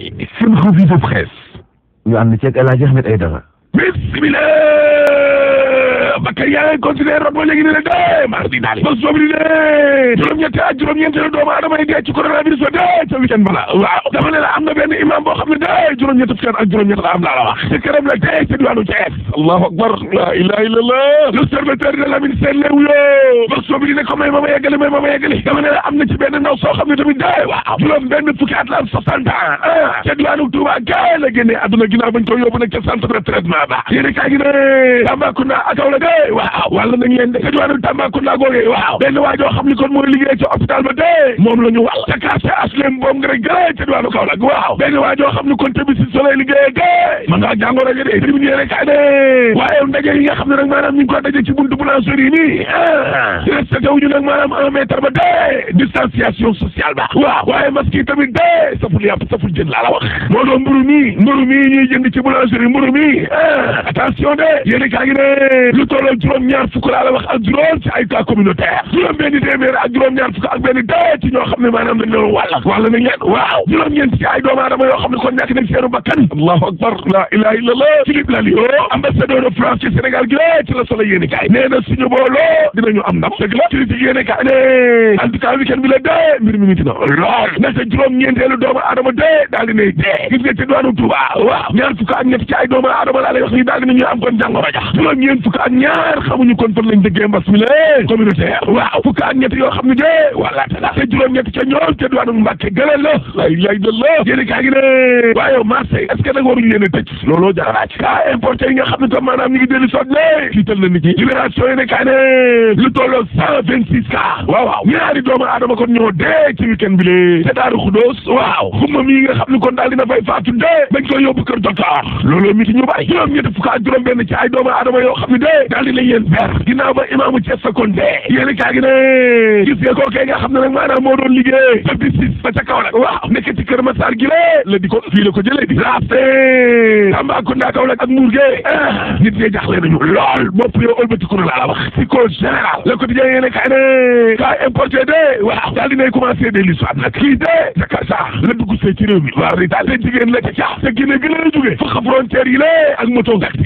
seen revue de presse. ñu ànd ceeg El Hadj Ahmed Aidara. bismillah. Bakar yaa ngi continuer rot ba léegi ne la dee. mardi daal ba sobri dee. juróom-ñetti ak juróom-ñeenti la doomu aadama yi dee ci coronavirus ba dee ca weekend bala waaw dama ne la am na benn imam boo xam ne dee juróom-ñetti fukki at ak juróom-ñetti la am laa la wax ci këram la dee ci diwaanu Thiès allahu akbar la ilaha illallah l'observateur ne Lamine Sène le wuyoo bos sobi di ne ko may ma ma yeggali may ma ma yeggali dama ne la am na ci benn ndaw soo xam ne tamit dee waaw juróom benn fukki at la am soixante ans ah ca diwaanu Touba gaay la génnee adduna ginnaaw bañ ko yóbbu nag ca centre de traitement ba yéen kaa ngi ne Tambacounda ak Kaolack waaw wàlla nañ leen de ca diwaanu Tambacounda googee waaw benn waajoo xam ni kon doon liggéey ci hôpital ba dee moom la ñu wàll te kaase aslem boom nga rek gëlee ca diwaanu Kaolack waaw benn waa joo xam ne kon bi si soleil liggéey dee man ngaa jàngoro ja dee tribune rek kaa dee waaye ndaje yi nga xam ne nag maanaam ñu ngi ko daje ci buntu boulangerie yi nii ah respecté wuñu nag maanaam un ba dee ba waaw waaye masque yi tamit dee saful yàpp saful jën laa la wax moo doon mburu mi mburu mi ñuy jënd ci boulangerie mburu mi ah attention de yéen kaa lu tolloo juróom ñaar fukk laa la wax ak juróom-ñaar fukk ak benn dee ci ñoo xam ne maanaam dañ leen wàll wàll nañ leen waaw juróom-ñeent ci ay doomu aadama yoo xam ne kon ñàkk nañ seenu bakkan allahu akbar la ilaha illallah Philippe Lalliot ambassadeur de France ci Sénégal gi la ci la solo yéene kaay nee na suñu booloo dinañu am ndam dëgg la critique yéene kaay ne en tout cas week-end bi la dee mbir mi miti na lool ndaxte juróom-ñeenteelu doomu aadama dee daal di ne dee gis nga ci doonu Touba waaw ñaar fukk ak ñett ci ay doomu aadama laa lay wax ni daal di nañu am kon jàngoro jax juróom-ñeent fukk ak ñaar xamuñu kon fan lañ dëggee mbas mi la communautaire waaw fukk ak ñett yoo xam ne de juróom-ñett ca ñoom ca diwaanu Mbàkke gële la lay lay da la kaa gi ne waaye yow Marseille est ce que nag tëj looloo jaralaaj kaa importé yi nga xam ne tam maanaam ñu ngi dellu ne ci tël na nit ñi libération yi ne kaa ne lu tolloo cent vingt six cas waaw waaw ñaari doomu aadama kon ñoo dee ci week-end bi le te daaru xudoos waaw xumma mii nga xam ne kon daal dina fay faatu dee bañ koy yóbbu kër docteur looloo mi ti ñu bari juróom-ñett yoo xam ne gis nga kookee nga xam ne nag maanaam moo doon liggéey fifty six ba ca Kaolack waaw nekk ci Kër Massar gi lée la di ko fii la ko jëlee di laas Tambacounda Kaolack ak Mbour gee ah nit ñi jaxle nañu lool bopp yow ëlbatiku na laa la wax ci col général le quotidien yéene kay ne kaa importé de waaw daal dinay commencé de l'histoire nag kii de Jakarta la dugg see ci réew mi di daal te jigéen la ca caax te Guinée gi la jógee fëxa frontière yi lée ak moto ngak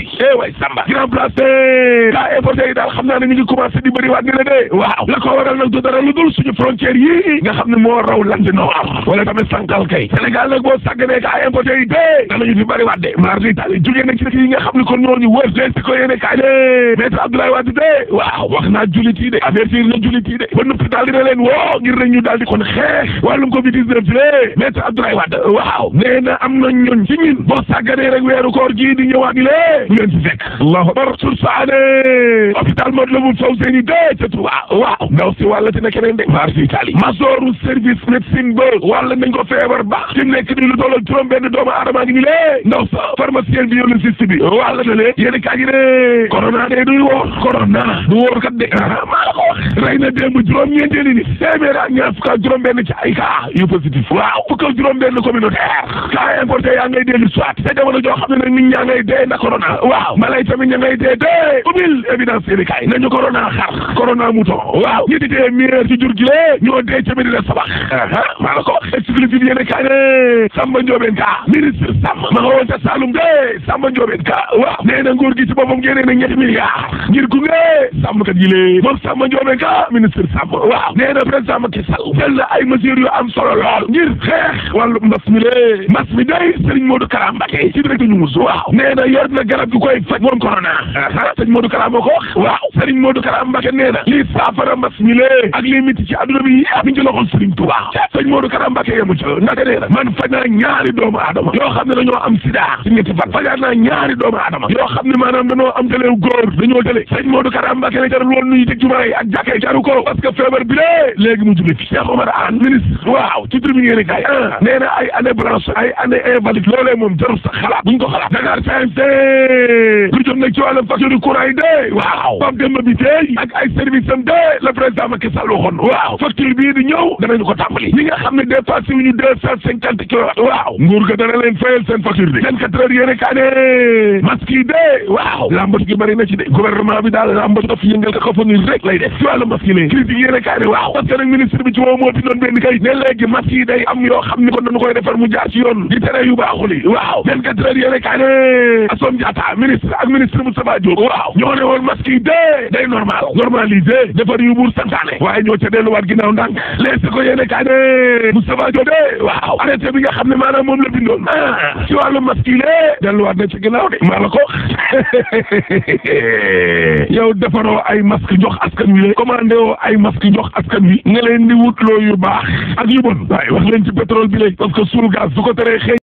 dara lu dul suñu frontière yi nga xam ne moo raw landi noo am wala tamit sànqal kay Sénégal nag boo sàgganee ka importé yi dee danañu fi bëri waat de mardi tali jógee na ci dëkk yi nga xam ne kon ñooñu wër les si ko yéene kaay de maître Abdoulaye Wade de waaw wax naa julit yi de avertir na julit yi de ba noppi daal dina leen woo ngir nañ ñu daal di kon xeex wàllum covid 19 bi de maître Abdoulaye Wade waaw nee na am na ñooñ ci ñun boo sàgganee rek weeru rawatina keneen de mars itali masoru service médecine ba wàlla nañ ko feebar ba ci nekk ni lu tollool juróom benn a aadama ngi ni lée ndax sa pharmacien biologiste bi wàlla na lee yéen kaa ji ne corona de duy wóor corona du wóor kat de ah, maa la ko wax rey na démb juróom ñeenteeli ni téeméer ak ñaar fukk ak juróom benn ci yu positif waaw fukk ak juróom benn communautaire cas importé yaa ngay dellu soit te jamono joo xam ne nag na corona waaw malay tamit ña ngay dee dee ubil évidence yéen kaay nañu corona xar corona téeméer ci jur gi a ñoo dee ca Médina Sabax maa la ko wax exclusif yéene kaa ne Samba Ndiobène Ka ministre Samba ma nga woon ca Saloum de Samba Ndiobène Ka waaw nee na nguur gi ci boppam génnee na ñetti milliards ngir gunge sàmmkat yi lee moom Samba Ndiobène Ka ministre Samba waaw nee na président Macky Sall jël na ay mesures yu am solo lool ngir xeex wàllu mbas mi lee mbas mi day Serigne Modou Kara Mbacké ci direct ñu waaw nee na yor na garab gi koy faj moom corona Serigne ak les métiers ci adduna bi yëpp mi ngi ci loxol Serigne Touba sëñ Modou Kara Mbacké yemu ca ndaka dee nag man faj naa ñaari doomu aadama yoo xam ne dañoo am sida ci ñetti fan fajaat naa ñaari doomu aadama yoo xam ne maanaam dañoo am tëleew góor dañoo tële sëñ Modou Kara Mbacké ne jarul woon nuy teg jumaa ak jàkkee jaru ko parce que bi lée léegi mu jóge fi Cheikh Omar Anne ministre waaw ci tribune yéene kaay ah nee ay année blanche ay année invalide loolee moom jarul sax xalaat buñ ko xalaat loolu xon waaw facture bii di ñëw danañu ko tàmbali ñi nga xam ne dépassé wuñu deux cent cinquante kilowatt waaw nguur ga leen fayal seen facture bi vingt quatre heures yéene kaa ne de waaw làmbatu gi bëri ci de gouvernement bi daal làmbatu dof yëngal ka ko fa ngi rek lay def ci wàllu masque yi critique yéene kaa ne waaw parce que nag ne ko defar mu jaar ci di tere yu baaxul yi waaw vingt quatre heures yéene kaa ne Assome ministre ak ministre Moustapha Diop waaw ñoo ne woon masque yi de gaay ñoo ca delluwaat ginnaaw ndànk lees ko yéene kaa ne Moustapha de waaw arrêté bi nga xam ne maanaam moom la bindoon ah ci wàllu masque yi delluwaat na ci ginnaaw de maa la ko yow defaroo ay masque jox askan wi commandé woo ay masque jox askan wi nga leen di wutloo baax ak yu bon waaye wax leen ci pétrole bi lay parce que suul gaz du ko teree xëy